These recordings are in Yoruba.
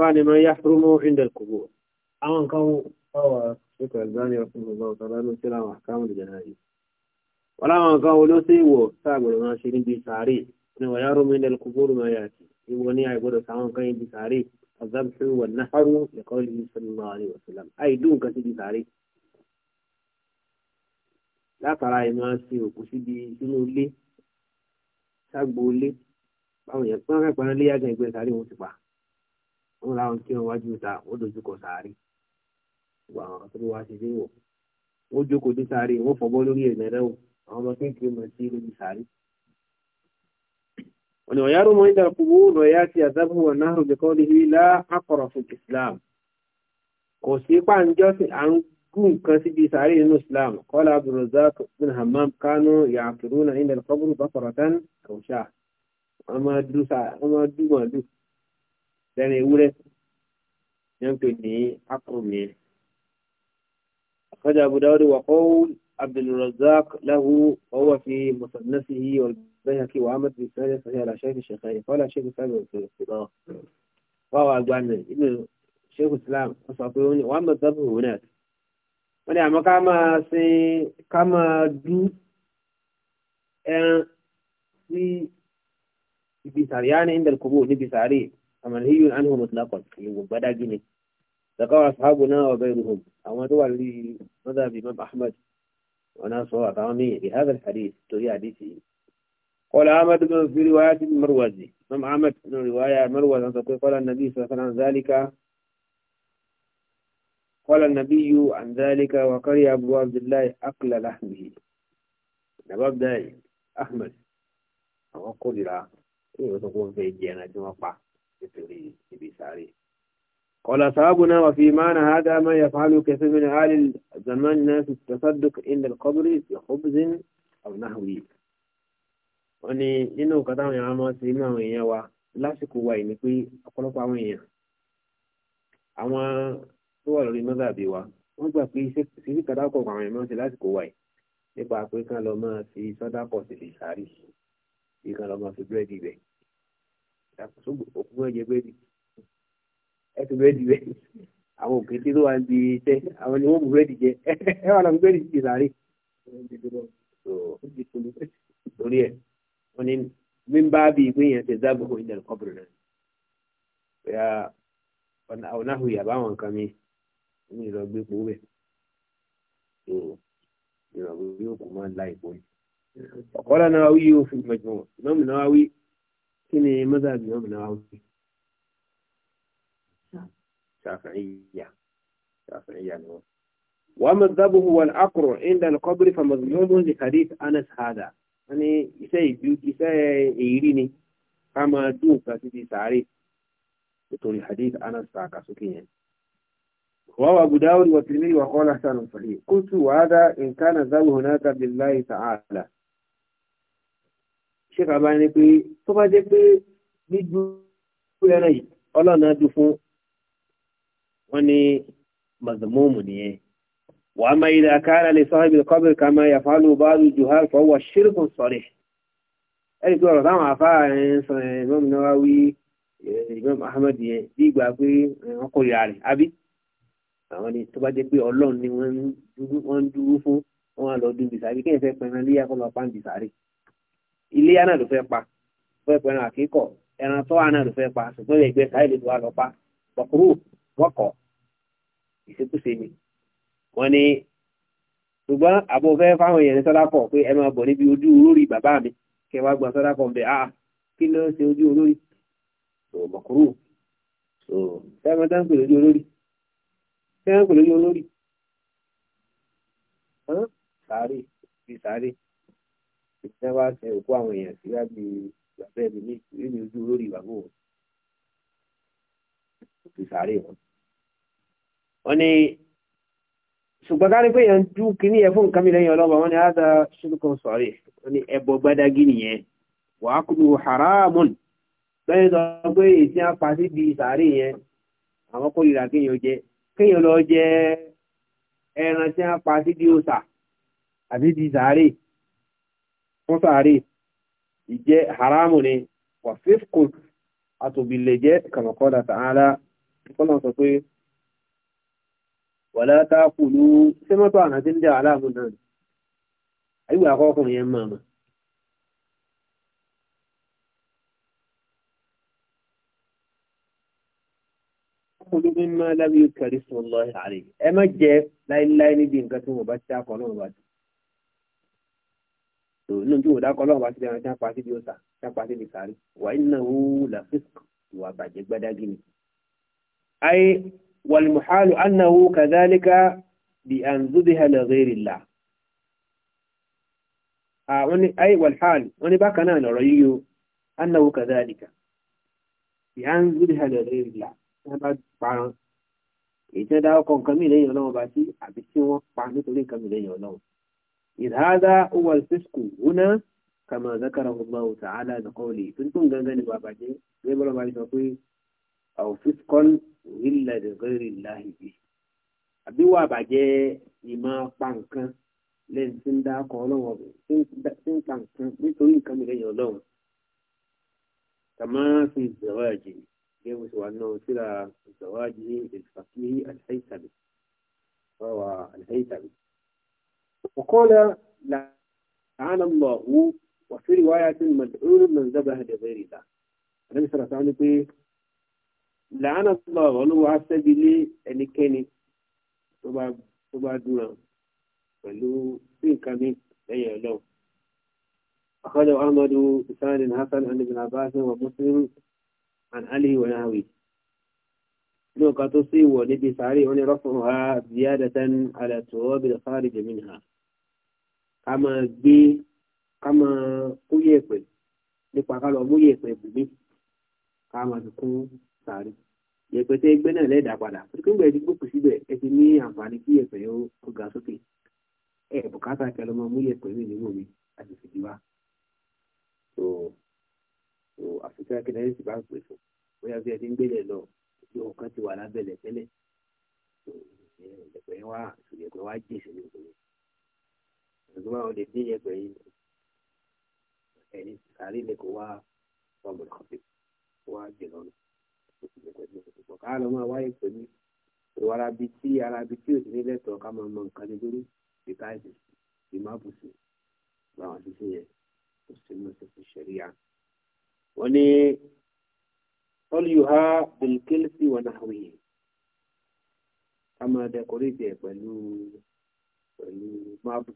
fáàlì máa yá fúrú mọ́ ìndẹ̀l kòbó àwọn nǹkan wo ọwọ́ ṣèkọ̀ ẹ̀gbọ́n yọ fún ọgbà ọ̀tọ̀ lọ́nà tí làwọn àkáwọn lè jẹ̀rẹ̀ yìí wọ́n láwọn nǹkan wo ló sì wọ̀ sáàgbọ̀dọ̀ máa ṣe níbi sàárè ni wọ́n yá rọ́mọ ìndẹ̀l kòbó ló máa yà sí ìwọ ní àìgbọ́dọ̀ sáwọn nǹkan yìí bí sàárè azabtu wa naharu lẹ́kọ́ yìí sallallahu alaihi wasallam àìdùn nǹkan sí bí sàárè látara ẹ máa ṣe òkú síbi inú ilé ságbo ilé báwọn yẹn pọ́n fẹ́ pọ́n lé yàgàn ìgbẹ́ sáré wọn ti pa ń láwọn kí wọn wájú ta ó dojú kọ sàárì gbogbo àwọn tó wá sí léwọ wọn jókòó dé sàárì wọn fọbọ lórí ẹ̀mẹ rẹ o àwọn ọmọ kéèké mọ sí lórí sàárì. ọ̀nà ọ̀yá rọmọ ìdá kúrú ọ̀nà ọ̀yá ti àdábù wọn náà rò jẹ́kọ́ lè rí lá àkọ̀rọ̀ fún Islam kò sí pàǹjọ́sìn à ń gún nǹkan síbi sàárì nínú Islam kọ́lá Abdulrazak bin Hammam kánú yàtúrú ìdá kọ́bùrù bá tán kàwùṣà ọmọ dúmọ̀dù lẹ́nu ewúrẹ́ yẹn ń pè ní akọ̀ròyìn أخرج أبو داود وقول عبد الرزاق له وهو في مصنفه والبيهقي وعمد بإسناد صحيح على شيخ الشيخين قال شيخ الإسلام في الاصطلاح وهو أجوان ابن شيخ الإسلام أصابوني وعمد ذبه هناك wọ́n àmọ́ ká máa ṣe ká máa dú ẹran sí ibi sàríà ní ìdẹ̀lkùbù níbi sàríà منهي عنه مطلقا بدا جني ذكر أصحابنا وغيرهم أما دول مذهب الإمام أحمد وناس وعطامي بهذا الحديث تري حديثه قال أحمد بن في رواية المروزي إمام أحمد من رواية المروزي أن تقول قال النبي صلى الله عليه وسلم ذلك قال النبي عن ذلك وقري أبو عبد الله أقل لحمه نباب داي أحمد أقول لا إيه تقول في الجنة جمعة nítorí ibi sáré. قال أصحابنا وفي معنى هذا ما يفعله كثير من أهل زماننا في التصدق عند القبر بخبز أو نحوه wọ́n ní nínú nǹkan táwọn èèyàn máa ṣe inú àwọn èèyàn wa lásìkò wa yìí ni pé ọ̀pọ̀lọpọ̀ àwọn èèyàn àwọn tó wà lórí mọ́tàbí wa wọ́n gbà pé síbí kàdákọ̀ àwọn èèyàn máa ṣe lásìkò wa yìí nípa pé kán lọ máa fi sọ́dákọ̀ sì fi sàárì bí kán lọ máa fi búrẹ́dì bẹ́ẹ̀ ṣàkóso òkú ẹ̀jẹ̀ bẹ́ẹ̀ ni ẹ ti bẹ́ẹ̀ di bẹ́ẹ̀ àwọn òkété tó wà ń di iṣẹ́ àwọn ni wọ́n mú bẹ́ẹ̀ di jẹ ẹ wà lọ́mú bẹ́ẹ̀ di ti sàárè torí ẹ̀ wọ́n ní mímbá bíi pé èèyàn ti dáàbò kó ilẹ̀ kọ́bùrù náà bóyá ọ̀nà àhùyè àbáwọn nǹkan mi ní ìrọ̀gbé pò bẹ́ẹ̀ ìrọ̀gbé òkú máa ń la ìpò ni ọ̀kọ́lá náà wí yóò fi mọ̀jọ̀ ìmọ̀mù náà wí kí ni mọ́sàbí wọn náà wọ́n fi ṣàfihìyà ṣàfihìyà ni wọ́n. wọ́n mọ̀ dábò wọn akọrọ̀ ẹ̀ńdà lọ́kọ́bìrì fàmọ́sùlùmọ́ ní hadith anas hada wọ́n ní iṣẹ́ ìjú iṣẹ́ èyí ni ká máa dùn kan síbi sàárè nítorí hadith anas sàkà sókè yẹn. روى أبو داود والترمذي وقال حسن صحيح قلت وهذا إن كان ذو هناك بالله تعالى ṣé bàbá ní pé tó bá jẹ́ pé gbígbó ẹran yìí ọlọ́run á dùn fún wọn ní mazmúmù nìyẹn wàá máa ilẹ̀ akára lè sọ́ọ́ ibi kọ́bìrì ká máa yàfa ló bá lù jù hàl fọwọ́ ṣírkùn sọ̀rẹ̀ ẹni pé ọ̀rọ̀ táwọn afáà ń sọ ìmọ̀mù náà wí ìmọ̀mù ahmed yẹn bí ìgbà pé wọ́n kò yà rẹ̀ àbí àwọn ni tó bá jẹ́ pé ọlọ́run ni wọ́n ń dúró fún wọn lọ dúbìsáré kí ẹ̀ fẹ́ pẹ̀rẹ̀ lé iléyá náà ló fẹ́ pa fún ẹ̀pọ̀ ẹran àkíkọ̀ ẹran tó wà náà ló fẹ́ pa ṣùgbọ́n ẹgbẹ́ káyọ̀ lè tó wà lọ pa pọ̀kúrú wọ́kọ̀ ìṣekúṣe ni wọ́n ní ṣùgbọ́n àbò fẹ́ fáwọn èèyàn ní sọ́dákọ̀ pé ẹ máa bọ̀ níbi ojú olórí bàbá mi kẹ wá gba sọ́dákọ̀ ń bẹ ah kí ló ṣe ojú olórí so pọ̀kúrú so sẹ́wọ́n tán pè lójú olórí sẹ́wọ́n pè lójú olórí sáré bí ìṣẹ́ wá ṣe òkú àwọn èèyàn sí wá bí ìgbàgbẹ́ mi ní ìlú ojú lórí ìgbàgbọ́ wọn òkè sàárè wọn. wọ́n ní ṣùgbọ́n kárí pé èèyàn dú kíní ẹ̀ fún nǹkan mi lẹ́yìn ọlọ́ba wọ́n ní ádá ṣílùkùn sọ̀rí wọ́n ní ẹbọ gbádágí nìyẹn wàá kúlù haramun lẹ́yìn tó pé èsì apá síbi sàárè yẹn àwọn kórìíra kéèyàn jẹ kéèyàn lọ jẹ ẹran tí wọ́n pa síbi òòṣà àbí di sàárè fún sàárè ìjẹ́ haramu ni wà fífkù àtòbìlẹ̀ jẹ́ kàmàkọ́dà ta'ala kọ́nà sọ pé wà látà kùlú sí mọ́tò ànàtí ń jẹ́ aláàmù náà àyíwà akọ́kùnrin yẹn máa kulu mimma lam yukari sallallahu alayhi ẹ má jẹ láíláí níbi nǹkan tí mo bá ṣe náà bá inú tí òdà kọ́ lọ́wọ́ bá ti dẹran tí wọ́n pa síbi ọ̀sà tí wọ́n pa síbi sàárì wà iná wò làfíìsì ìwà bàjẹ́ gbádágì ni. ayé wàlmùhálù annahu kàdálíkà bí àǹzúbi hàlẹ́rẹ́rìlá. ayé wàlhálù wọ́n ní bákan náà lọ́rọ̀ yíyo annahu kàdálíkà bí àǹzúbi hàlẹ́rẹ́rìlá wọ́n bá parán èyí tí wọ́n dáwọ́ kọ nǹkan mìíràn ọlọ́run bá sí àbí tí wọ́n pa nítorí nǹkan mìíràn ọlọ́run. إذ هذا هو الفسق هنا كما ذكره الله تعالى بقوله فنتم غنغن بابا جي يبرو باي سوكوي أو فسق أهل لغير الله به àbí wà bàjẹ́ ìmọ̀ pàǹkan lẹ́yìn tí ń dá ọkọ̀ ọlọ́wọ́ tí ń pàǹkan nítorí nǹkan mi lẹ́yìn ọlọ́run kàmá fi ìzọ̀wájì bí mo ṣe wà náà síra ìzọ̀wájì ìfàkì àlẹ́yìn tàbí وقال لعن الله وفي رواية مدعون من ذبه لغير الله النبي صلى الله عليه وسلم لعن الله ولو عسى بلي tó bá tó bá dúnra pẹ̀lú sí nǹkan mi lẹ́yìn ọlọ́run أخرجه أحمد بسند حسن عن ابن عباس ومسلم عن علي ونحوه lóòkan tó sí ìwọ̀ níbi sàárè wọn ni rọ́fún ha ziyadatan ala turab al-kharij minha ká máa gbé ká máa kó yẹ̀pẹ̀ nípa ká lọ mú yẹ̀pẹ̀ bùnmí ká máa fi kún sàárè yẹ̀pẹ̀ tẹ́ gbẹ́ náà lẹ́ẹ̀dá padà pẹ̀lú pé ẹ̀dín gbòkù síbẹ̀ ẹ ti ní àǹfààní kí yẹ̀pẹ̀ ó ga sókè ẹ̀ bùkátà kẹlẹ́ ọmọ mú yẹ̀pẹ̀ mi nínú mi àti fìdí wa so so àfikún akẹ́kẹ́ bá ń pè fún bóyá bí ẹ ti ń gbélé lọ yóò kàn ti wà lábẹ́lẹ̀ tẹ́lẹ̀ ẹ̀pẹ̀ wa ẹ̀pẹ̀ wa jèsè ní ìpínlẹ̀ ìgbà wọn lè dín ẹ̀pẹ̀ yìí ẹni sàárì lè kó wá ọmọ ìkọ̀tì wá jìnnà lọ ká lọ máa wáyé pẹ̀lú ìwà arabi tí arabi tí òsì nílẹ̀ tọ̀ ká máa mọ nǹkan lórí ìkáyìsì ìmábùsù gba àwọn àṣìṣe yẹn kò sí ní ọ̀sẹ̀ fún ṣẹ̀ríyà wọ́n ní tọ́lùyùhá bìlkìlìsì wà náhùwì ká máa dẹkọrẹ́tì ẹ̀ pẹ̀lú pẹ̀lú máàbù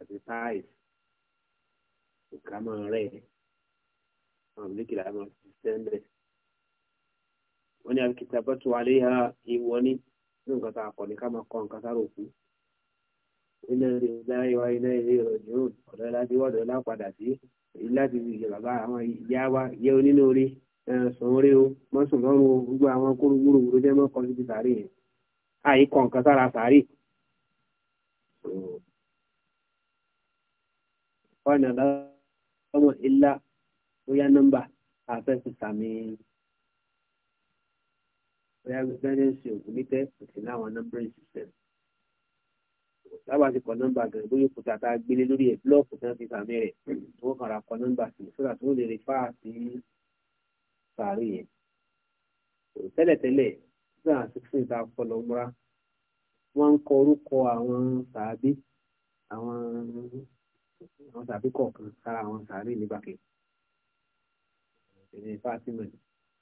àti táìsì ká máa rẹ̀ àwọn oníkìlá máa fi sẹ́ńdẹ̀ wọ́n ní àbíkìtà bá tu àléhà ìwọ ní nǹkan tá a kọ̀ ní ká máa kọ́ nǹkan sára òkú iná rí láyé iná ilé ìrọ̀jú ọ̀dọ́ láti wọ́dọ̀ sí láti bàbá àwọn ìyá yẹ onínú rí sùn rí o mọ́ sùn lọ́rùn o gbogbo àwọn kórógbóró wúro jẹ́ mọ́kàn síbi sàárè yẹn àyè kan kan sára sàárè. ọ̀nà lọ́wọ́ ilá bóyá nọ́mbà àfẹ́sì sàmì bóyá rẹ́sìdẹ́nsì òkú nítẹ́ òsì láwọn nọ́mbẹ̀rẹ̀ sísẹ̀m. lábà ti kọ nọ́mbà gẹ̀rẹ́ bóyá òkúta tá a gbélé lórí ẹ̀ búlọ́ọ̀kù tí fi sàmì rẹ̀ tó kàn kọ nọ́mbà sí sódà tó lè rí fáà sí sáré yẹn kò tẹ́lẹ̀tẹ́lẹ̀ nígbà tí fún ìta ọpọlọ múra wọ́n ń kọ orúkọ àwọn sàábí àwọn àwọn sàábí kọ̀ọ̀kan sára àwọn sàárè nígbàkẹ́ ìní fátímọ̀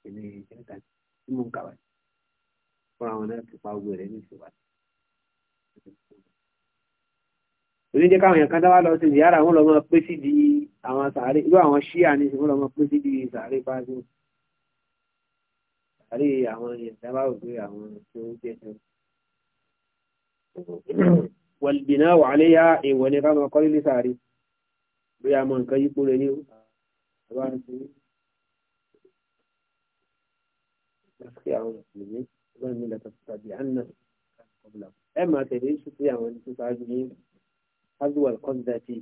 ìní ìjẹta tí mò ń kà wáyé fúnra wọn náà ti pa ogun rẹ̀ ní ìṣèwà oníjẹ́ káwọn èèyàn kan dá wá lọ sí ìyára wọn lọ mọ pé sídìí àwọn sàárè irú àwọn ṣíà ní ìṣèwọ́n lọ mọ pé sídìí sàárè fátímọ̀ àrí àwọn ìyẹ̀dá bá wùdú àwọn tó ń jẹ́ tó. wàlbìnà wà ní yá èèwọ̀ ní ká máa kọ́lé ní sàárì bí a mọ nǹkan yípo rẹ ní àwọn àti lásìkò àwọn mùsùlùmí wọn ní lẹ́tọ̀ tàbí àná kọ́bùlà ẹ máa tẹ̀lé ṣùkú àwọn tó ṣáájú ní hazuwal kọ́ńdàtì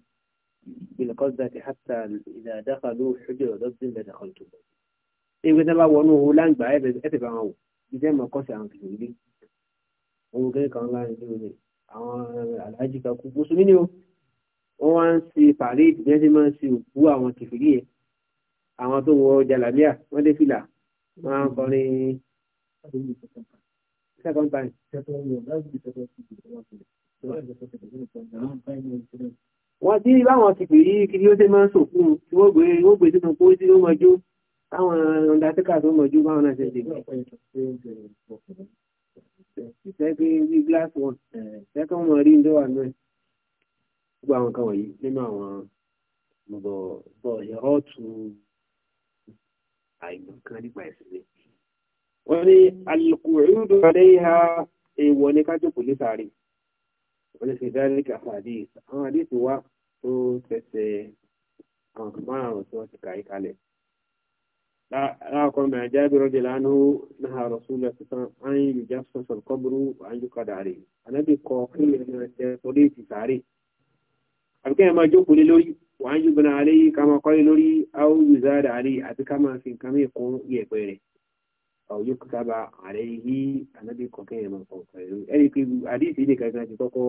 بالقصدة حتى إذا دخلوا حجر ضد لدخلتموه ewé tí wọ́n bá wọnú owó láǹgbà ẹ̀fẹ̀ bá wọn wò ìjẹ́ mọ̀ kọ́sì àwọn kìlọ̀ ilé ohun kẹ́kẹ́ kan láàrin ní olè àwọn eh, aláàjì kan kú mùsùlùmí ni o wọ́n wá ń ṣe pàréèdì bí wọ́n ṣe máa ń ṣe òkú àwọn kìfìrí yẹn àwọn tó wọ jàlámíà wọ́n dé fìlà wọ́n á kọrin second time. wọ́n báwọn kìfìrí kiri ó ṣe máa ń sòkú tí wọ́n gbé sínú kó tí ó máa jó táwọn undertaker tó mọ̀jú báwọn náà ṣe dìgbà ìṣẹ́gbé bí glass one ṣẹ́kọ̀ wọn rí ndó wà náà gbogbo àwọn kan wọ̀nyí nínú àwọn bọ̀ bọ̀ ìrọ́tù àìmọ̀kan nípa ìsinmi wọ́n ní alùkùrúdù àdéhà èèwọ̀ ní kájọpọ̀ ní sáré wọ́n ní fìdárí kàfà àdéhìí àwọn àdéhìí wá tó tẹ̀sẹ̀ àwọn kan márùn-ún tí wọ́n ti kàrí kalẹ̀ láàkọ́ mẹ́rin jáde rọ́jẹ̀ lánàá náà rọ̀súlẹ̀ sísan án yìí já sọ̀sọ̀ kọ́bùrú àyùká dàrí ànábì kọ kílẹ̀ náà jẹ́ sórí ti sàárè àbíkẹ́ ẹ̀ máa jókòó lé lórí wà á yùgbọ́n àlẹ́ yìí ká máa kọ́lé lórí áwù yùzá dàrí àti ká máa fi nǹkan mìíràn kún yẹ̀pẹ̀ rẹ̀ ọ̀yọ́ kìtàbà àlẹ́ yìí ànábì kọ kílẹ̀ máa kọ́ kọ́lé lórí ẹ̀rí pé àdìsí ní kankan ti kọ́kọ́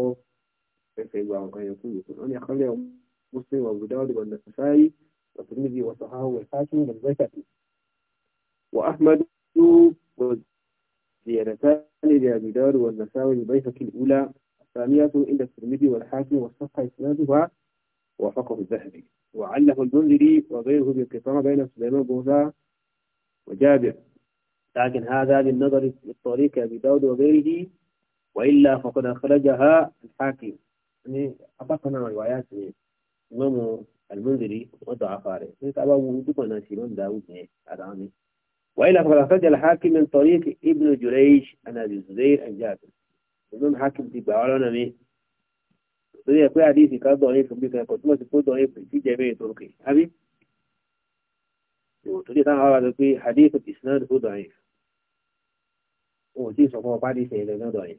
fẹ́fẹ́ gba nǹkan yẹn fún yòókù wọn ni àkọlẹ̀ Muslim wa Abu Dawud wa Nasa'i wa Tirmidhi wa sahahu wa Hakim wa Bayhaqi وأحمد والزيادتان لأبي دار والنساوي البيهقي الأولى الثانية عند الترمذي والحاكم والصحة إسنادها وفقه الذهبي وعله المنذري وغيره بالقطار بين سليمان بوزا وجابر لكن هذا في للطريق أبي داود وغيره وإلا فقد أخرجها الحاكم يعني أبقنا روايات إمام المنذري وضع فارغ فقال أبو داود داود هذا وإلا فقد أخرج الحاكم من طريق ابن جريج عن أبي الزبير عن جابر ìmọ̀ hakim ti gbà wá lọ́nà mi torí ẹ̀ pé àdéhìsì ká dọ̀rin fún bí kẹ́kọ̀ọ́ tí wọ́n ti kó dọ̀rin fún ìdíje mẹ́rin tó rúkè àbí ìwọ̀n torí táwọn ará sọ pé àdéhìsì ìsináà tó dọ̀rin òun tí ìsọ̀kan ọba àdéhìsì ẹ̀rẹ̀ náà dọ̀rin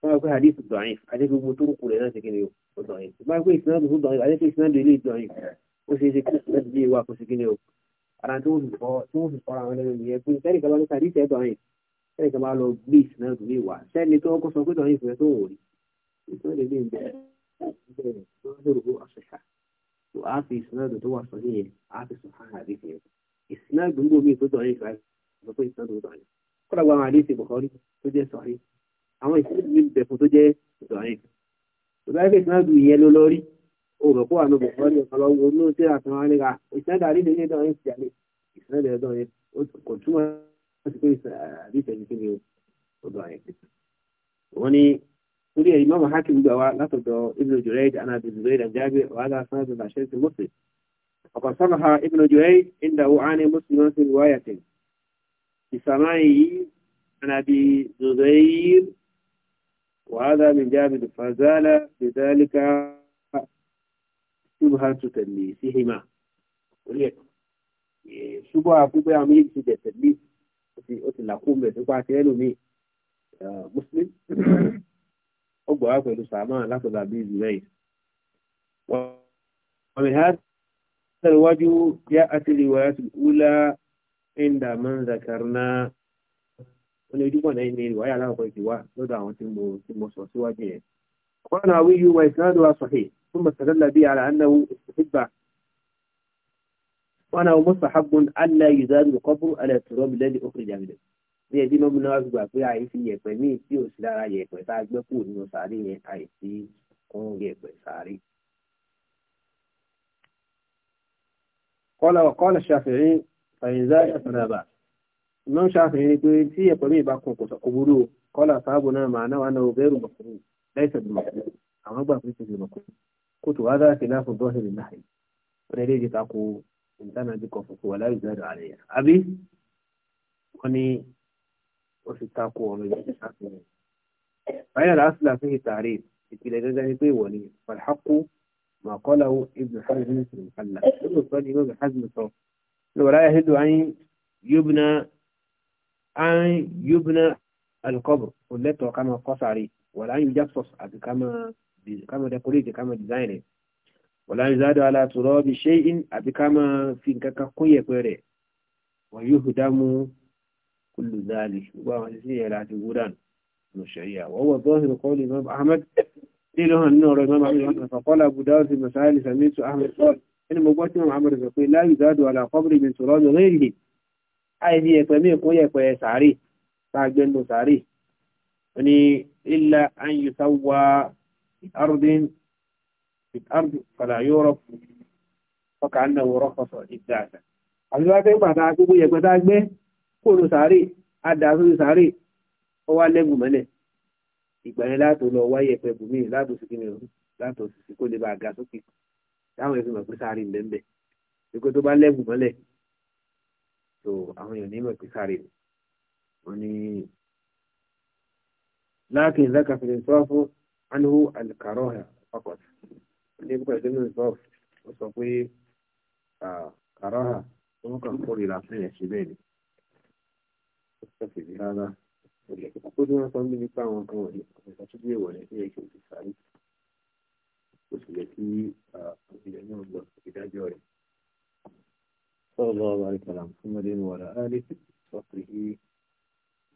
wọ́n wá pé àdéhìsì dọ̀rin àdéhìsì gbogbo tó rúkù rẹ̀ náà ti kíni o dọ̀rin wọ́n wá pé ìsináà tó dọ̀rin àdéhìsì ìsináà ara tí wọ́n fi kọ́ tí wọ́n fi kọ́ra àwọn ẹlẹ́nu nìyẹn pé sẹ́ni kan bá ní sàdí ìtẹ́ tọ́yìn sẹ́ni kan bá lọ gbé ìsìn náà lórí ìwà sẹ́ni tó kọ́ sọ pé tọ́yìn ìfẹ́ tó wò rí ìtọ́ lè lè bẹ̀rẹ̀ bẹ̀rẹ̀ lọ́dọ̀ owó àṣẹṣà tó a fi ìsìn náà tó wà sọ níyẹn a fi sọ fún àdé fún yẹn ìsìn náà gbogbo mi tó tọ́yìn ìfẹ́ sọ pé ìsìn náà tó tọ́yìn kọ́ra gba àwọn àdéhìí bọ̀kọ́rí tó jẹ́ sọ̀rí àwọn ìsìn náà bẹ̀ fún tó jẹ́ tọ́yìn tó bá yẹ òròpó àná bùkọ́rí ọ̀sán lọ́wọ́ onú tí a san wálé ra ìsìnàdà àdídé ní ìdánwò ìsìnà ní ìsìnàdà ẹ̀dọ́ yẹn kò túmọ̀ sí pé àdídé ní kíni ọdọ ayẹ. wọ́n ní orí ẹ̀yìn mọ́mọ́ hákìm gbà wá látọ̀dọ̀ ibn jurayj ana ibn jurayj àjábẹ́ wàhálà sanadu bàṣẹ́ ti mọ́sẹ̀. ọ̀kan sọ́nà ibn jurayj ìdáwó àní mùsùlùmí sí riwayatin ìsàmáyé yìí ana bí zuzayir ṣubhatu tadlisihima orí ẹ̀ ṣùgbọ́n àkúgbẹ́ àwọn méjì ti dẹ̀tẹ̀ lé ó ti làkú mẹ́ nípa ti ẹlòmí muslim ó gbọ́ wá pẹ̀lú sàmà látọ̀dà bíi zùlẹ́yìn. ومن هذا الوجه جاءت الروايات الأولى عندما ذكرنا wọ́n ojú pọ̀ náà ní ìwáyà aláwọ̀ ìdíwá lọ́dọ̀ àwọn tí mo sọ síwájú yẹn. kọ́nà àwíyú wa ìsìnàdó wa sọ̀hìn ثم استدل به على أنه استحب وأنه مستحب ألا يزاد القبر على التراب الذي أخرج منه ní ẹbí mọ́mú náà wá gbà pé àìsí yẹ̀pẹ̀ míì tí ò sí lára yẹ̀pẹ̀ tá a gbẹ́ kù nínú sàárè yẹn àìsí kún yẹ̀pẹ̀ sàárè. kọ́lá ọ̀kọ́lá ṣàfihàn fàyínzá ìfànàbà náà ṣàfihàn ni pé tí yẹ̀pẹ̀ míì bá kún kò burú kọ́lá sáàbù náà màá náà wà náà bẹ́rù mọ̀kúrú lẹ́sẹ̀ bí mọ̀kúrú àwọn gbà pé ti ṣe mọ̀kúrú قلت هذا خلاف الظاهر النحوي وانا ليه تقول ان كان عندك ولا يزاد عليه ابي وني وفي تقوى من فإن الأصل فيه تعريف إلى ذلك طيب ولي فالحق ما قاله ابن حزم في المحلة ابن صلي ابن حزم صوت لو لا يهد عن يبنى عن يبنى القبر والتي كما قص عليه ولا يجصص كما ká máa dẹkọréètì ká máa dìzáìnì wọ̀lá ìzádọ́ alátùrọ́ bí ṣe in àbí ká máa fi nǹkan kan kún yẹ̀pẹ̀ rẹ̀ wọ́n yóò fi dámú kúlù dáàlì gbogbo àwọn sísí yẹn láti wúdàn nù ṣẹ̀yà wọ́n wọ́n tó ń sìn kọ́ọ̀lù imam ahmed nílò hàn nínú ọ̀rọ̀ imam ahmed fàkọ́lá budáwọ̀ sí masáàlì samitu ahmed sọ́ọ̀l ẹni mo gbọ́ tí imam ahmed sọ pé láì ìzádọ́ alákọ́bìrì mi sọ̀rọ̀ e ọ̀dọ̀ lẹ́yìn àìsí yẹ̀pẹ̀ mí kún yẹ̀pẹ̀ sàárì tá a gbẹ́nu sàárì ó ní ilà ayùsáwà بأرض بالأرض فلا يعرف فكأنه رخص إبداعا àbíwá pé pàtà gbogbo yẹ̀pẹ̀ tá gbé kóòrò sàárè àdá sórí sàárè ó wá lẹ́gùn mọ́lẹ̀ ìgbà yẹn látò lọ wá yẹ̀pẹ̀ bùnmí látò sí kíni ọ̀hún látò sí kó lè bá ga sókè táwọn èèyàn fi mọ̀ pé sàárè ń bẹ́ẹ̀ bẹ́ẹ̀ pé tó bá lẹ́gùn mọ́lẹ̀ tó àwọn èèyàn ní mọ̀ pé sàárè wọn ni láàkín lákàfẹ́ sọ́fún عنه الكراهة فقط يبقى ضمن الظرف وصفي كراهة ممكن نقول إلى عشان يشبهني استفي بهذا كل ما صار مني كان وكان وشدي ولا هي كم تسأل وسلتي أبيعنا الله إذا جاري صلى الله عليه وسلم محمد وعلى آله وصحبه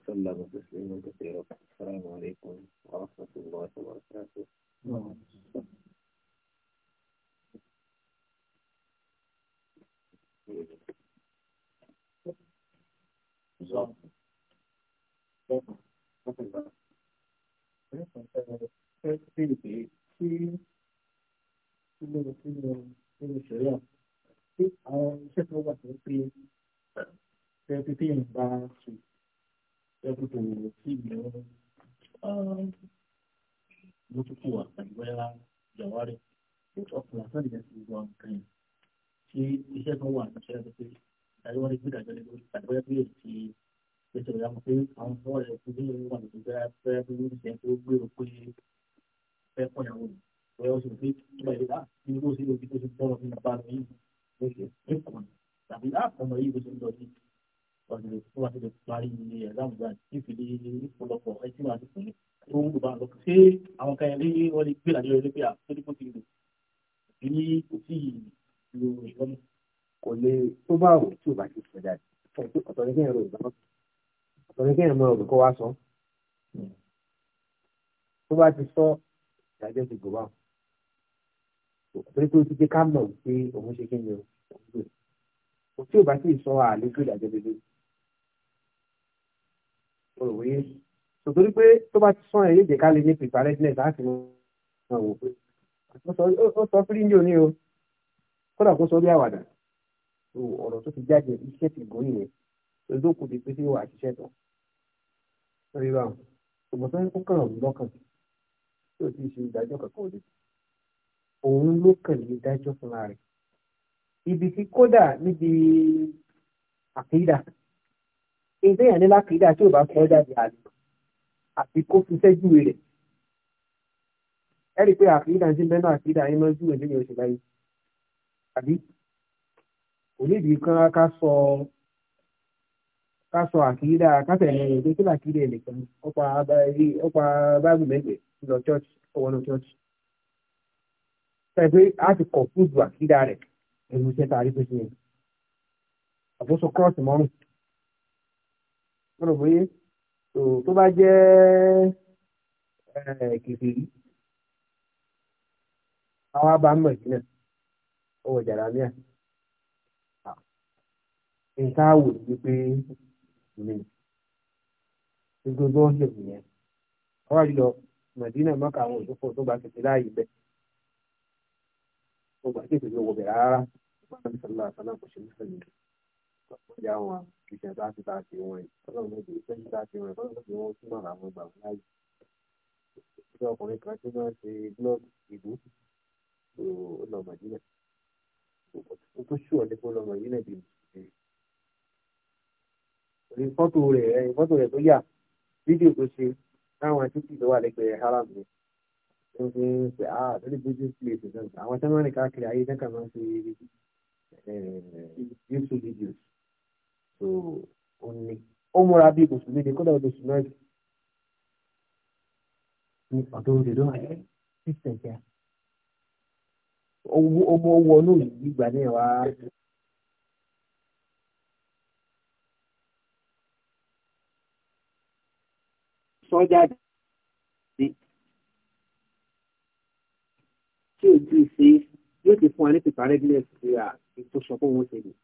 وسلم تسليما كثيرا السلام عليكم ورحمة الله وبركاته Thank you ẹkú wò sí ìlú ló tún kù wà pẹ̀lú ẹ̀rá jàwárì ọkùnrin àtàlẹ̀ yẹn ti wà nǹkan yẹn tí iṣẹ́ kan wà ní iṣẹ́ pé ìdájọ́ wọn ní gbé ìdájọ́ lórí àdúgbò bí èyí ti pèsè ìyá mọ̀ pé àwọn fún ọ̀rẹ́ ẹ̀kú ní ìlú wà ní ìgbà fẹ́ wọ́n ti ṣe gbèrò pé fẹ́ pọ̀ ìyàwó mi wọ́n yọ sọ̀rọ̀ pé tó bá yẹ bá kó sí ibi tó ti bọ́ lọ sí ìbára yìí ló ṣe é kàn tàbí àpọ̀mọ̀ yìí ló ṣe ń lọ sí ibi ọ̀dùnú tó wà sílẹ̀ parí ní ẹ̀dáàmùgbà nífìlẹ̀ ìpolọ́pọ̀ ẹtí wà ní ìpínlẹ̀ tó ń gbà lọ ṣé àwọn kan lé wọn lè gbé làdúrà lé pé àtúntò kò ti lò bí ni kò sí ìlò ìlọ́mù. kò lè tó bá rò tí ò bá ti sọ jáde ọ̀tọ̀ ní kéèyàn rò ìgbà ọ̀tọ̀ ní kéèyàn mọ òrùkọ́ wá sọ tó bá ti sọ ìdájọ́ ti gbò wá òpin tó ti dé ká mọ̀ pé òun ṣe kí ni o òun gbè tí ò bá sì sọ àlékún ìdájọ́ bíbélì òwe sòtórí pé tó bá ti sán ẹ yóò jẹ ká lè ní preparedness láti mọ ọ wò pé ó sọ fíríjì òní o kódà kó sọ orí àwàdà ọ̀rọ̀ tó ti jáde iṣẹ́ ti gòrí yẹn lójú kù ti pé sí ìwà àṣìṣe tán lórí ra ṣùgbọ́n tó ń kó kàn ọ́n lọ́kàn tí ò ti ṣe ìdájọ́ kankan òde òun ló kàn lè dájọ́ fúnra rẹ̀ ibi tí kódà níbi àkídà ìdí yẹn ní lákìdá tí ò bá sọ jáde àlè àti kó fi sẹ́jú rẹ̀ ẹ pé àkìdá ń bẹ́ẹ̀ náà àkìdá yín lọ́jú ìdí yẹn òṣèlú ayé àbí kò nídìí kan ká sọ ká sọ àkìdá kásẹ̀lẹ̀ rẹ̀ kí làkìdá ẹ̀ ọ̀pá mẹ́gbẹ̀ẹ́ church ọwọ́ church pẹ̀lú a ti kọ̀ fúdù àkìdá rẹ̀ ẹ̀rù iṣẹ́ wọn rò bóyá tó bá jẹ́ eh, kìkìrì àwọn abàmọ̀ ìdínà owó jàdámíà nǹkan àwò ni pé mi gbogbo bó ṣe nìyẹn wọn wá lọ mọ̀dínà mọ́kà àwọn òṣòfò tó gba tètè láàyè bẹ́ẹ̀ ó gbà tètè lówó bẹ̀ rárá. Sallallahu alaihi wa sallam kò ṣe ní sẹ́yìn yá wọn ìṣẹ̀ bá ti bá ti wọn ọlọ́run méje ìṣẹ́ ti bá ti wọn ọlọ́run méje wọn túmọ̀ làwọn gbà wọn láyè ìṣẹ́ ọkùnrin kan tí wọ́n ṣe blọọgì ìlú ó lọ màdínà ó tó ṣù ọ̀dẹ́ tó yà fídíò tó ṣe táwọn títì tó wà lẹ́gbẹ̀ẹ́ haram ni wọ́n fi ń pè á lórí business place náà àwọn tí wọ́n rìn káàkiri ayé náà kàn máa ń ṣe YouTube videos so òní ó múra bí mùsùlùmí ni kódà ọdún sùn náà jù ní ọdún òde ló hàn sísẹ̀ jẹ́ ọmọ wọnú ìgbà náà wá. sọ́jà dé tí ò tí ì ṣe yóò ti fún wa ní pípa rẹ́gílẹ̀ sí ètò sọ pé ṣe nìyí.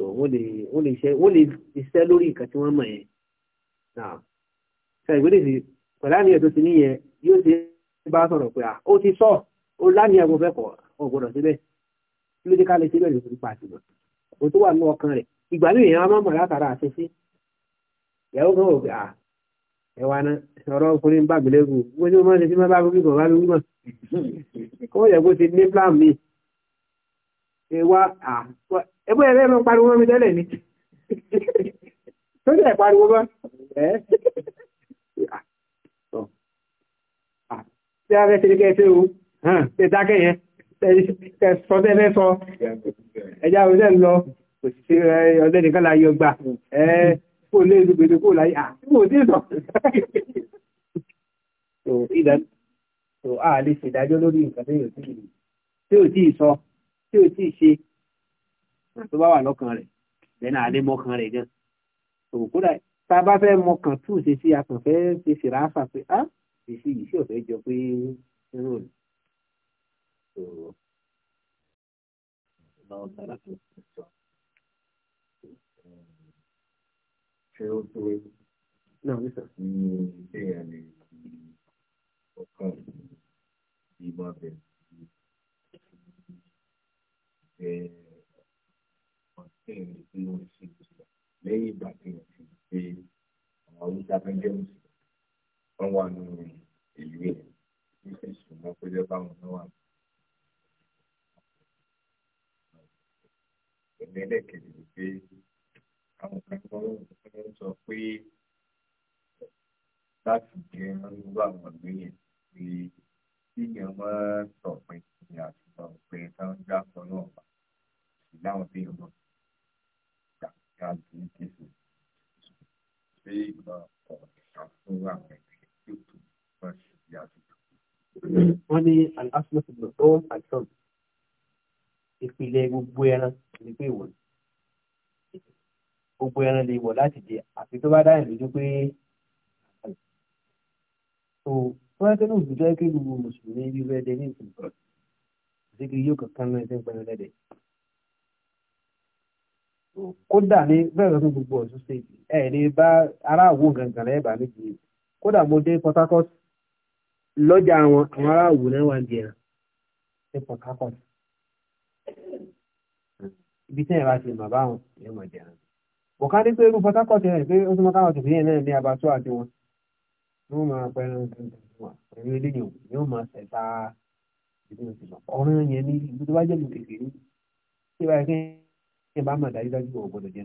so wọ́n lè wọ́n lórí nǹkan tí wọ́n mọ̀ yẹn ṣe ìgbélé sí pẹ̀lú tó ti níyẹn yóò ṣe bá sọ̀rọ̀ pé à ó ti sọ ó láníyàn mo fẹ́ kọ̀ gbọ́dọ̀ síbẹ̀ kí ló dé ká lè síbẹ̀ lè fi pàṣẹ mọ̀ kò tó wà ní ọkàn rẹ̀ ìgbà míì èèyàn máa mọ̀ látara àṣeṣe ìyàwó kan ò gbé ẹwà náà ọ̀rọ̀ ọkùnrin bàgbélẹ́gùn wọ́n ní mo ní ẹwà à ẹgbẹ́ ẹ̀rẹ́ mọ́ pariwo mọ́ mi tẹ́lẹ̀ ni tó dẹ̀ pariwo mọ́ ẹ́ tí a fẹ́ ṣe kẹ́ ṣe o ṣe dákẹ́ yẹn sọ tẹ́lẹ̀ sọ ẹjá ọdẹ lọ òṣìṣẹ́ ọdẹ nìkan láyé ọgbà ẹ kó lé ìdúgbèdè kó láyé à kó dé sọ. so ìdájọ́ lórí nǹkan tó yóò tí ì sọ tí ò tí ṣe hmm. tó bá wà lọ́kàn rẹ̀ lẹ́nu àlé mọ́kàn rẹ̀ gan òwò kódà tá a bá fẹ́ mọkàn tù ṣe sí akàn fẹ́ ṣe fìràáfà pé á ah, èsì yìí sì ọ̀fẹ́ jọ pé ẹ̀rọ ni. Um, ṣé ó tó ní ilé fẹ́ jẹ́ òsì wọ́n wà nínú ìlú ẹ̀ ní sì ṣùgbọ́n pé jẹ́ báwọn náà wà. Èmi ẹlẹ́kẹ̀dì ni pé àwọn kan tó ń sọ pé láti jẹ́ irú àwọn ìlú yẹn. asúlọ́sì lọ́wọ́ àìsàn ìpìlẹ̀ gbogbo ẹran ní pé ìwọ̀n gbogbo ẹran lè wọ̀ láti jẹ àfi tó bá dáhùn lójú pé so wọ́n yá kẹ́lú òbí jẹ́ kí gbogbo mùsùlùmí bí wẹ́ dé ní ìsìnkú àti kí yóò kankan náà ẹsẹ̀ pẹ̀lú lẹ́dẹ̀ kódà ní bẹ́ẹ̀ fún gbogbo Ọ̀ṣun state ẹ̀ ní bá aráàwọ̀ gangan ẹ̀ bá méjì kódà mo dé Port Harcourt lọ́jà wọn àwọn ará àwòrán wà ní ẹ̀rọ ẹ̀pọ̀ kápọ̀ ibi tí ẹ̀rọ àti ìmọ̀ bá wọn yóò mọ̀ jẹ̀rọ ọ̀ká dé pé irú Port Harcourt rẹ̀ pé ó súnmọ́ káwọn tòfin yẹn náà ní abató àti wọn yóò máa pẹ́ ẹran wọn pẹ̀lú eléyìí yóò máa ṣẹ̀ta ìdí òsì lọ ọ̀ràn yẹn ní ibi tó bá jẹ́ lùkè sí tí ìbára kí ẹ bá máa dájúdájú ọ̀gbọ́dọ̀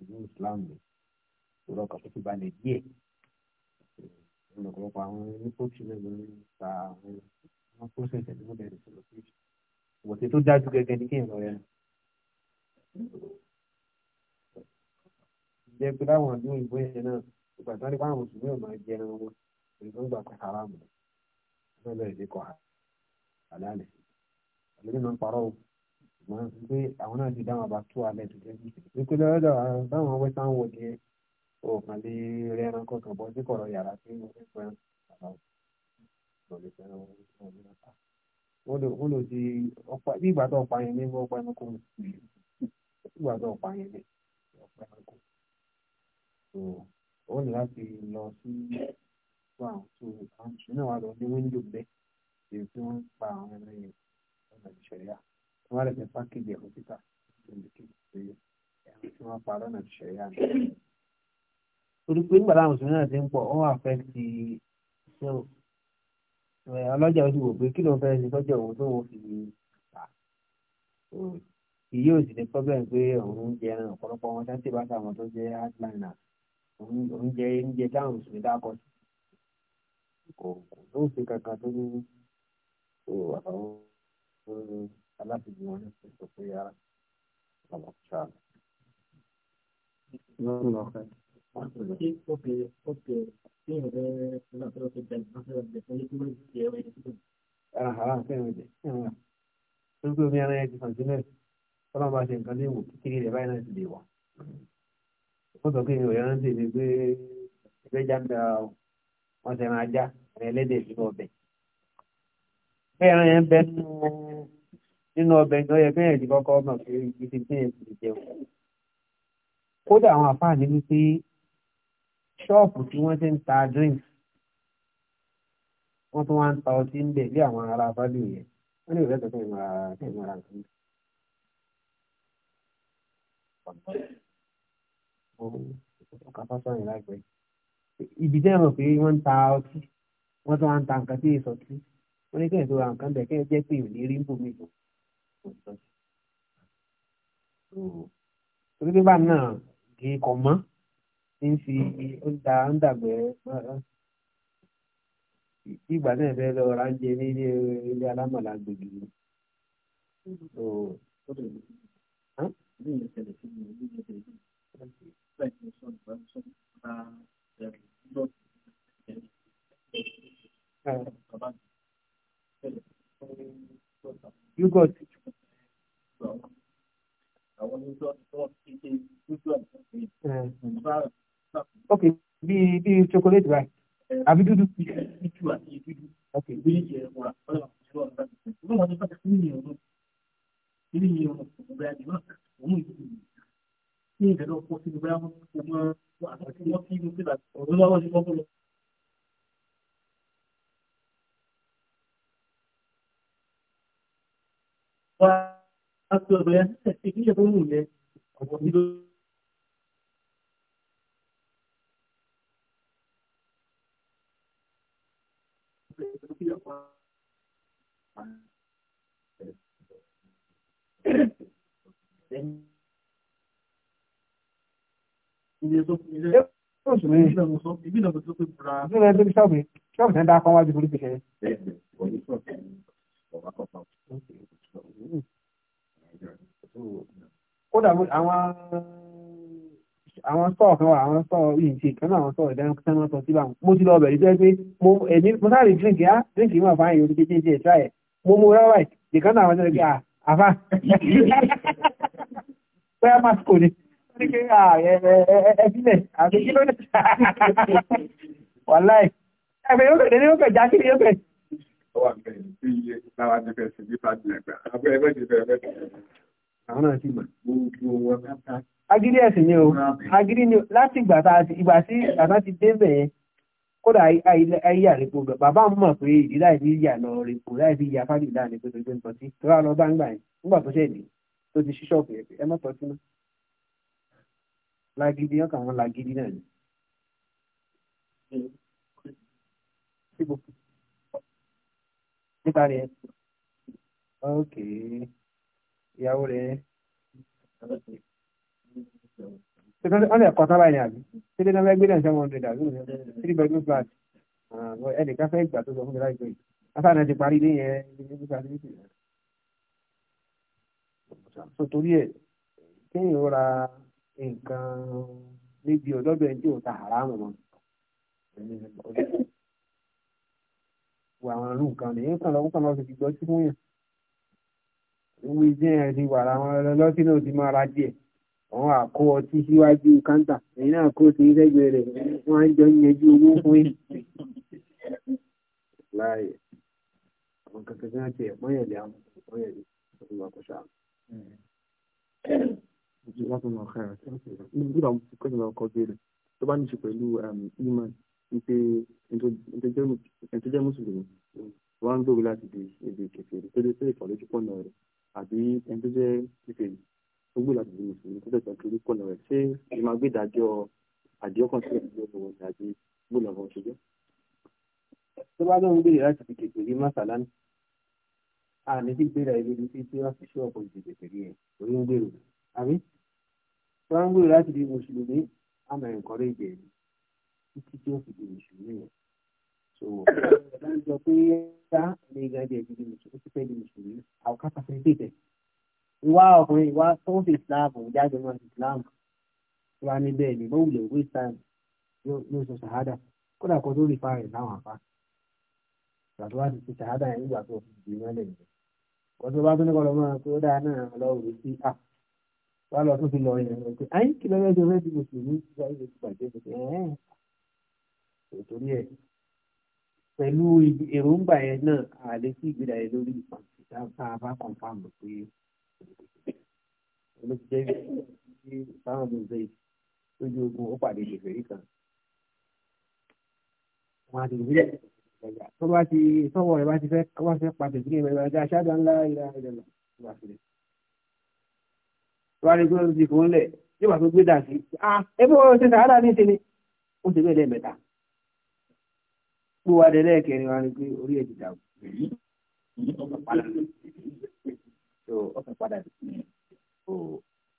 ìlú Islam ni ìrọ̀ kan tó ti balẹ̀ díẹ̀ ọ̀pọ̀lọpọ̀ àwọn onípòtù náà ló ń ta àwọn àwọn process ẹ̀dínwó bẹ̀rẹ̀ sọ̀rọ̀ sí ìwọ̀sẹ̀ tó dájú gẹ́gẹ́ ní kéèyàn lọ́rẹ́ jẹ́ pé láwọn ọdún òyìnbó yẹn náà ìgbà tí wọ́n rí báwọn mùsùlùmí ọ̀nà jẹran wọn èyí tó ṣùgbọ́n pé àwọn náà ti dáhùn àbá tó alẹ́ tó jẹ́ wípé lọ́dọ̀ báwọn western world yẹn òòkàn lè rẹ ẹranko kan bọ́ sí kọ̀rọ̀ yàrá tí mo fẹ́ fẹ́ bàbá ò lè fẹ́ràn wọn ní ọ̀tá. wọ́n lò sí ọ̀pá bí ìgbà tó ọ̀pá yẹn ní ọ̀pá ẹranko mi ìgbà tó ọ̀pá yẹn ní ọ̀pá ẹranko. ó ní láti lọ sí fún àwọn tó àwọn ìṣúná wa lọ ní wíńdò bẹ́ẹ̀ èyí tí ń pa àwọn ẹran yẹn lọ́nà ìṣẹ̀lẹ̀ yàrá wọ́n rẹ̀ fẹ́ pákéjì ẹ̀kọ́ títà pé ẹ̀rọ tí wọ́n pa lọ́nà ṣẹ̀yà ni. torí pé nígbà táwọn òṣèré náà ti ń pọ̀ ó wà fẹ́ problem pé òun jẹ ọ̀pọ̀lọpọ̀ wọn sáńtì bá tàwọn tó jẹ́ hardliner òun jẹ oúnjẹ táwọn òṣèré dákọ̀ sí. kò kò tó ṣe kankan tó alábìyí wọn sì sọ pé yára ọmọ ṣáàlù. Gbogbo omi ara ẹni fàǹtí náà, ọlọ́run bá ṣe nǹkan léwu kékeré rẹ̀ báyìí náà sì lè wà. Ó sọ pé ìròyìn rántí mi pé ẹgbẹ́ jáde ara wọn ṣe máa já ẹ̀rẹ́ ẹlẹ́dẹ̀ẹ́ sínú ọbẹ̀. Bẹ́ẹ̀ ẹran yẹn bẹ́ẹ̀ nínú nínú ọbẹ̀ ìjọ yẹ bẹ́ẹ̀ ní kọ́kọ́ mọ̀ pé ibi tí ẹ̀ ti jẹun kódà àwọn àfáàní wípé ṣọ́ọ̀pù tí wọ́n ti ń ta drink wọ́n tún wá ń ta ọtí ń bẹ̀ bí àwọn ará fálù yẹn wọ́n lè rẹ́tọ̀ kẹ́ ìmọ̀ra kẹ́ ìmọ̀ra nǹkan ibi tẹ́ mọ̀ pé wọ́n ń ta ọtí wọ́n tún wá ń ta nǹkan tí èso tí wọ́n ní kẹ́hìn tó ra nǹkan bẹ̀ kẹ́hìn jẹ́ pé ìlérí ń bò mí lò torí pé bá náà gé kọ̀ mọ́ ń fi ó ń da ń dàgbẹ́ ìgbà náà fẹ́ lọ ra ń jẹ ní ilé alámọ̀lá gbègbè ni yúgọ̀tì from àwọn ẹni tó tó kéke dúdú àti mm. ok bí bí chocolate right eh, àbí dúdú. dúdú àti dúdú. ok bí ìjẹ wà ọlọ́run ti wọ́n bá ti sẹ́yìn. wọ́n wọ́n ti bá ti ní ìyẹn ọdún ní ìyẹn ọdún ọ̀gbẹ́ àdìmọ́ òun ìdílé ní ìdájọ́ pọ̀ sínú bẹ́ẹ̀ wọ́n ti mọ àti wọ́n kí inú sílẹ̀ ọ̀dọ́ lọ́wọ́ ní wọ́n tó lọ. Bye. Aslında teknik yapımıyla Allah'ın Ṣọ́ọ̀bù tẹ́ ń dá kan wájú orí kìí ṣe kódà àwọn àwọn sọ́ọ̀ kan wà àwọn sọ́ọ̀ ìṣe kan náà àwọn sọ́ọ̀ ìdáná kan náà sọ sí báwọn mo ti lọ bẹ̀rẹ̀ jẹ́ mo ẹ̀mí mo sáré drink á ah, drink yìí máa fáyìn orí kékeré ẹ̀ tíráyẹ̀ mo mú rẹ́wà ìkan náà àwọn ẹ̀rọ àfá bóyá máa kò ní pé ah, ẹ̀ẹ́dílẹ̀ àti kí ló ní wàláì ẹ̀mí yóò kẹ̀ ọwọ́ àgbẹ̀ sí iye lára ti fẹ́ síbi fàájì àgbà àgbẹ̀ ẹgbẹ́ ti fẹ́ ẹgbẹ́ àwọn àti ìgbà gbogbo wọn káta. agídí ẹ̀sìn ni o agídí ni láti ìgbà tá ìgbà sí àná ti dé bẹ̀ẹ́ kódà ayé àrepo bàbá mi mọ̀ pé ìdí láì fi yà lọ repo láì fi yà fájì dáa ní pẹ̀lú ìgbẹ́ nǹkan sí tó wà lọ bá ń gbà yẹn nígbà níta ni ẹ ok ìyàwó rẹ ṣètọ́jú ọ̀nà ẹ̀kọ́ sábà ní àbí ṣílé náà fẹ́ gbé náà seven hundred àbí three bedroom flat ah, ẹnìkan fẹ́ gbà tó sọ fún mi láìpẹ́ yìí afáàná ti parí ilé yẹn ní nípa ní ìpìlẹ̀ wo àwọn irú nǹkan rẹ̀ yín kàn lọ́wọ́ kàn lọ́wọ́ fi gbọ́ sí fún yàn ìwé tí ẹ̀ ti wà láwọn ọlọ́tí náà ti máa ra díẹ̀ àwọn àkó ọtí síwájú káńtà èyí náà kó ti rẹ́gbẹ̀ẹ́ rẹ̀ wọ́n á jọ yẹjú owó fún yìí láàyè àwọn kankan tí wọ́n ti ẹ̀pọ́n yẹn lé àwọn ẹ̀pọ́n yẹn lé ọdún wa kò ṣáà. láti mọ ọ̀kan àti nígbà kọ́jú ọkọ̀ tó bá ní ṣe pẹ̀lú um, iman wípé nítorí jẹ́ kàn sí ìlú ọmọ tàbí gbọ́dọ̀ ọmọ ṣojú. tó bá lóun béèrè láti fi kèké rí mọ́sálá ní àní tí gbéra ìlú ní títí wá fi ṣé ọ̀pọ̀ ìdìbò tẹ̀lé ẹ̀ orí ń gbèrò àbí tó bá ń gbèrò láti di mùsùlùmí àmọ̀ ẹ̀kọ́rẹ́ ìjẹ̀ ni títí tí ó fi di mùsùlùmí yẹn. so ọ̀gá ń jọ pé yá ní gàdí ẹ̀jú di mùsùlùmí ti fẹ́ di mùsùlùmí àwòká pàṣẹ ìwà ọkùnrin ìwà tó ń fi islam jáde náà islam wá ni bẹ́ẹ̀ ni bọ́ọ̀lù ìwé time yóò sọ ṣàhádà kódà kan tó rí fa rẹ̀ láwọn àpá ìgbà tó wá ti ṣe ṣàhádà yẹn nígbà tó fi jù mọ́lẹ̀ yìí wọ́n tó bá tún nípa lọ́mọ pé ó dáa náà lọ rè sí à wá lọ tún fi lọ yẹn lọ pé àyín kí lọ́yẹ́ ṣe fẹ́ di mùsùlùmí ìgbà yìí ti bàjẹ́ pé ẹ̀ẹ́n òtórí ẹ̀ pẹ̀lú èròǹgbà yẹn náà àlè sí ìgbéra yẹn lórí ìpàkìtà lójú ogun ó pàdé ìṣèlérí kan wọn á ti ìbílẹ̀ tó bá ti sọ́wọ́ rẹ̀ bá ti fẹ́ wá fẹ́ pa tẹ̀síkì ìbẹ̀rẹ̀ bá ti aṣáájú ńlá ìlà ìdẹ̀lẹ̀ tó bá fi lẹ̀ tó bá rí gbọ́dọ̀ ti kò ń lẹ̀ yóò bá tó gbé dà sí ah ẹbí wọn ṣe sàádà ní ìsinmi ó ṣe bẹ́ẹ̀ lẹ́ẹ̀mẹ́ta gbówó adé lẹ́ẹ̀kẹrin wa ni pé orí ẹ̀ ti dà ọkàn padà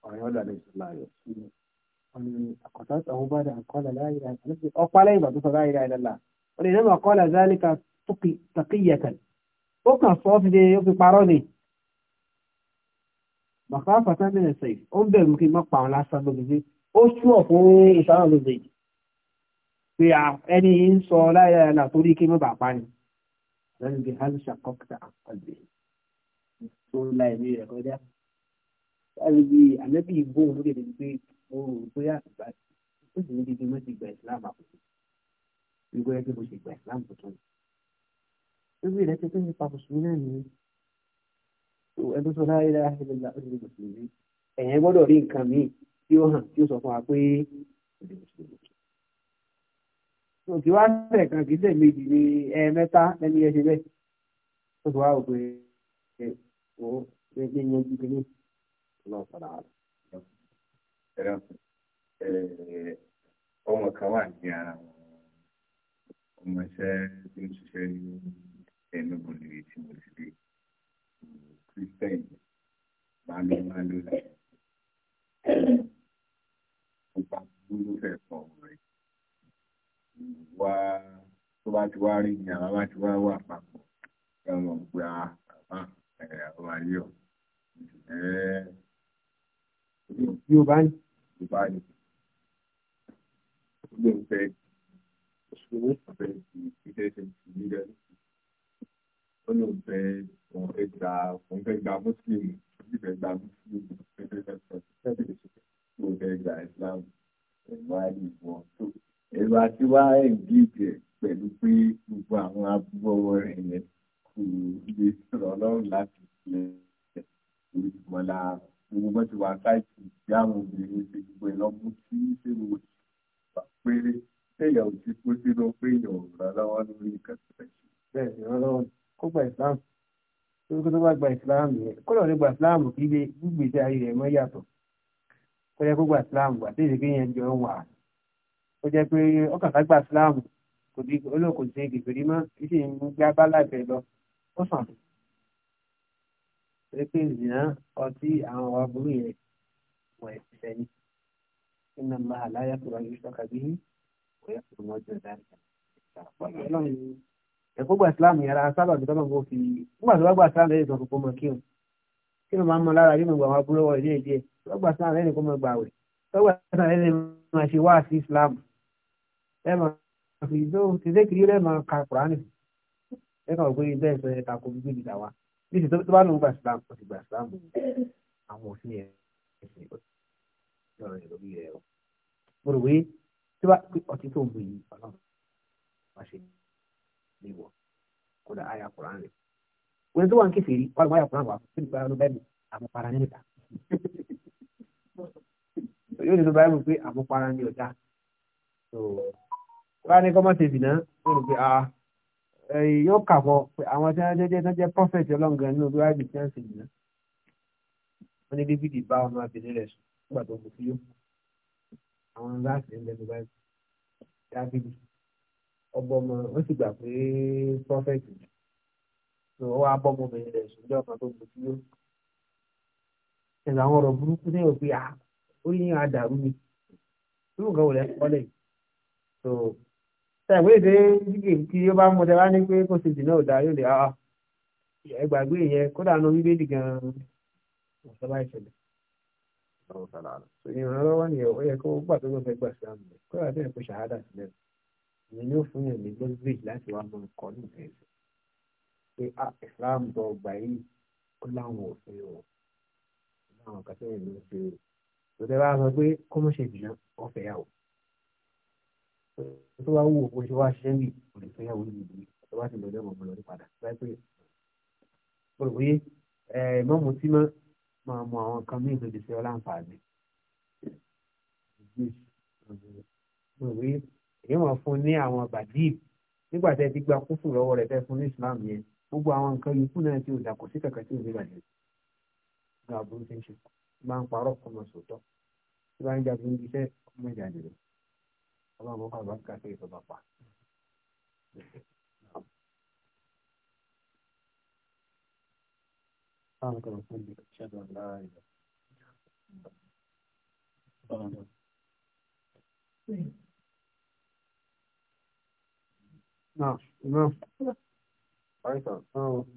ọ̀rẹ́ ọ̀dọ̀ àlejò láàyò àkọ́sátàwọ́ bá dà àkọ́lá láàyè àti ọ̀pá lẹ́yìn ìgbà tó sọ láàyè láàyè lọ́la ó lè nẹ́mọ̀ àkọ́lá zálíkà taqiyatan ó kàn sọ ọ́ fi dé ó fi parọ́ ni bàbá fàtà mẹ́rin sẹ́yìn ó ń bẹ̀rù kí n má pa àwọn lásán lóbi ó ṣúọ̀ fún ìsáwọn lóbi pé ẹni ń sọ láyé àlà torí kí mọ́ bàbá ni lẹ́nu bí hálùsà kọ́kítà àkọlẹ̀ tó ń la ẹ̀mí rẹ̀ kọjá láti bí àmẹ́bí ìgbóhùn lóde ní pé mo rò pé àgbà tó sì ní dídí mo gba islam àkókò ìgbọ́ ẹgbẹ́ mo sì gba islam tuntun ni lórí rẹ̀ pé nípa mùsùlùmí náà ni ẹni tó láyé láyé láyé ó ti di mùsùlùmí ẹ̀yẹn gbọ́dọ̀ rí nǹkan míì tí ó hàn tí ó sọ fún wa pé ó di mùsùlùmí òkè wá fẹ̀ kan kì í sẹ̀ méjì ní ẹ̀ẹ̀mẹ́ta lẹ́ni ẹ̀ ṣe bẹ́ẹ̀ ó sì wá òpin ẹ̀ ó ní yanjú kínní ọlọ́ọ̀pàá ẹran ọmọ kan wà ní ara wọn ọmọ iṣẹ́ tí ń ṣiṣẹ́ ní Enugu níbi tí mo ti rí Christian malu malu náà ó bá gbúdú fẹ́ pọ̀ rẹ̀ ti wá rí ni àwọn bá ti wá wà papọ̀ kí wọ́n gba bàbá ẹ̀ ọmọ ayé ọ̀ yóò bá ń Dubai gbogbo nǹkan ìṣòro ọ̀fẹ́ ti ìdẹ́sẹ̀ ti nílẹ̀ ó ní òfẹ́ òun fẹ́ gba òun fẹ́ gba mùsùlùmí òun fẹ́ gba mùsùlùmí òun fẹ́ gba mùsùlùmí òun fẹ́ gba islam ẹ̀wá ìwọ̀n tó ẹ̀wá tí wá ẹ̀ǹgíjẹ̀ pẹ̀lú pé gbogbo àwọn abúgbọ́wọ́ rẹ̀ yẹn kò lè sọ̀rọ̀ ọlọ́run láti fi ẹ̀ orí mọ́lá rẹ̀ gbogbo bá ti wà káàkiri ìyá àwọn obìnrin ṣe gbogbo ìlọ́mú sí sínú ìgbà péré téèyàn ò ti kó sínú pé èèyàn ò rà lọ́wọ́ lórí ìkàtúntà ìṣe. bẹ́ẹ̀ ni wọn lọ́wọ́ kó gba ìsìláàmù lórúkọ tó bá gba ìsìláàmù yẹn kó lọ́ọ́ ní gba ìsìláàmù kí ilé gbígbèsè ayé rẹ̀ mọ́ yàtọ̀ kó yẹ kó gba ìsìláàmù àti ìṣèké yẹn jọ wà kó jẹ́ pé ọkàtà gba ìsìláàmù kò di olóòkòtì ìgbèfèrè mọ́ ìṣèǹgbà bá láìpẹ́ lọ ó sàn torí pé ìzìnà ọtí àwọn ọ̀rọ̀ burú yẹn wọ̀ ẹ̀sìn lẹ́yìn iná máa aláyà kúrò ayé sọ́ka bí ọ̀yà kúrò mọ́jọ́ ìdáríkà ẹ̀kọ́ gba ìsìlámù yàrá sábà bí tọ́lọ́mù kò fi nígbà tó bá gba ìsìlámù lẹ́yìn tó kókó mọ kí o kí ló máa ń mọ lára yóò mọ gbà wọn búrọ́ wọ ilé ìdíyẹ tó bá gba ìsìlámù lẹ́yìn kó mọ gbà tó gba ìsìlámù lẹ́yìn máa ṣe wá sí ìsìlámù ẹ máa fi tó ti kiri lẹ́ẹ̀ máa ka kùránì ẹ kàn gbé bẹ́ẹ̀ sọ ẹ ta kó gbé ní ìṣètò tó bá lóun gba islam ó ti gba islam àwọn òfin ẹ̀ ẹ̀sìn ọ̀rọ̀ ẹ̀ lórí ẹ̀ o mo rò wé tí wàá pé ọtí tó ń bu yìí ọlọ́run wá ṣe lè wọ̀ kódà àyà kùrán rẹ̀ wọ́n tó wà ń kéfèé rí wọ́n àyà kùrán wà fún ìgbà ló bẹ́ẹ̀ àmupara ní ìta yóò ní tó báyìí mú pé àmupara ní ọjà tó wọ́n á ní kọ́mọ́tì ìbìnà wọ́n rò pé ah. Eh, yóò kàbọ̀ pé àwọn tí wọ́n jẹ́ jẹ́ jẹ́ prophet ọlọ́ngàn nínú bí wáyé tí wọ́n sì yìí wọ́n ní david bá ọmọ abìnrin rẹ̀ sùn nígbà tó kù sí yó àwọn láti ń lẹ́nu báyìí david ọgbọ́n ọmọ ó sì gbà pé prophet tó wá bọ́ ọmọbìnrin rẹ̀ sùn jọ́ kan tó kù sí yó ẹ̀sà àwọn ọ̀rọ̀ burúkú ní òfin à ah, ó yín àdàrú ni irú nǹkan wò lẹ́sìn kọ́lẹ̀ yìí tẹ̀wé èdè jíjì tí ó bá mú tẹ wá ní pé kó ṣe dìnnà ọ̀dà yóò lè àá ah, ah, ẹgbàgbé yẹn kódà nu bíbélì gan-an ọ̀sọ́lá ìṣẹ̀lẹ̀ ìrànlọ́wọ́ ni ó yẹ kó gbà tó gbọ́dọ̀ gbà sí àmì kódà bẹ́ẹ̀ kó ṣàhádà sílẹ̀ ni yóò fún yàn ní gbọ́dọ̀ láti wá mọ ọkọ̀ ní ìfẹ́ pé ah, Islam bọ̀ ọgbà yìí ó láwọn òfin o láwọn kàtẹ́yìn ló ṣe o tòtẹ́ tó bá wù ó ṣe wá ṣiṣẹ́ mi kò lè fẹ́yàwó ní ìlú tó bá ti lọ lẹ́wọ̀n ọmọ lọ́rí padà láì pé pòròpóyé mọ́mú tí mọ́ máa mọ àwọn kan ní ìlú ìdíṣẹ́ ọláǹfààní pòròpóyé èyí wọ́n fún ní àwọn bàdíì nígbà tẹ́ ti gba kúfù lọ́wọ́ rẹ̀ fẹ́ fún ní Islam yẹn gbogbo àwọn nǹkan yòókù náà ti ò dà kò sí kankan tí ò ní bàjẹ́ gbà burú tí ń ṣe máa ń parọ́ ọmọ sòótọ́ tí wọ́n ń jagun iṣẹ́ ọmọ ìjà nìyẹn ọlọ́run bó bàbá kàṣẹ ìtọ́ba pa. Àwọn ọ̀rọ̀ fún mi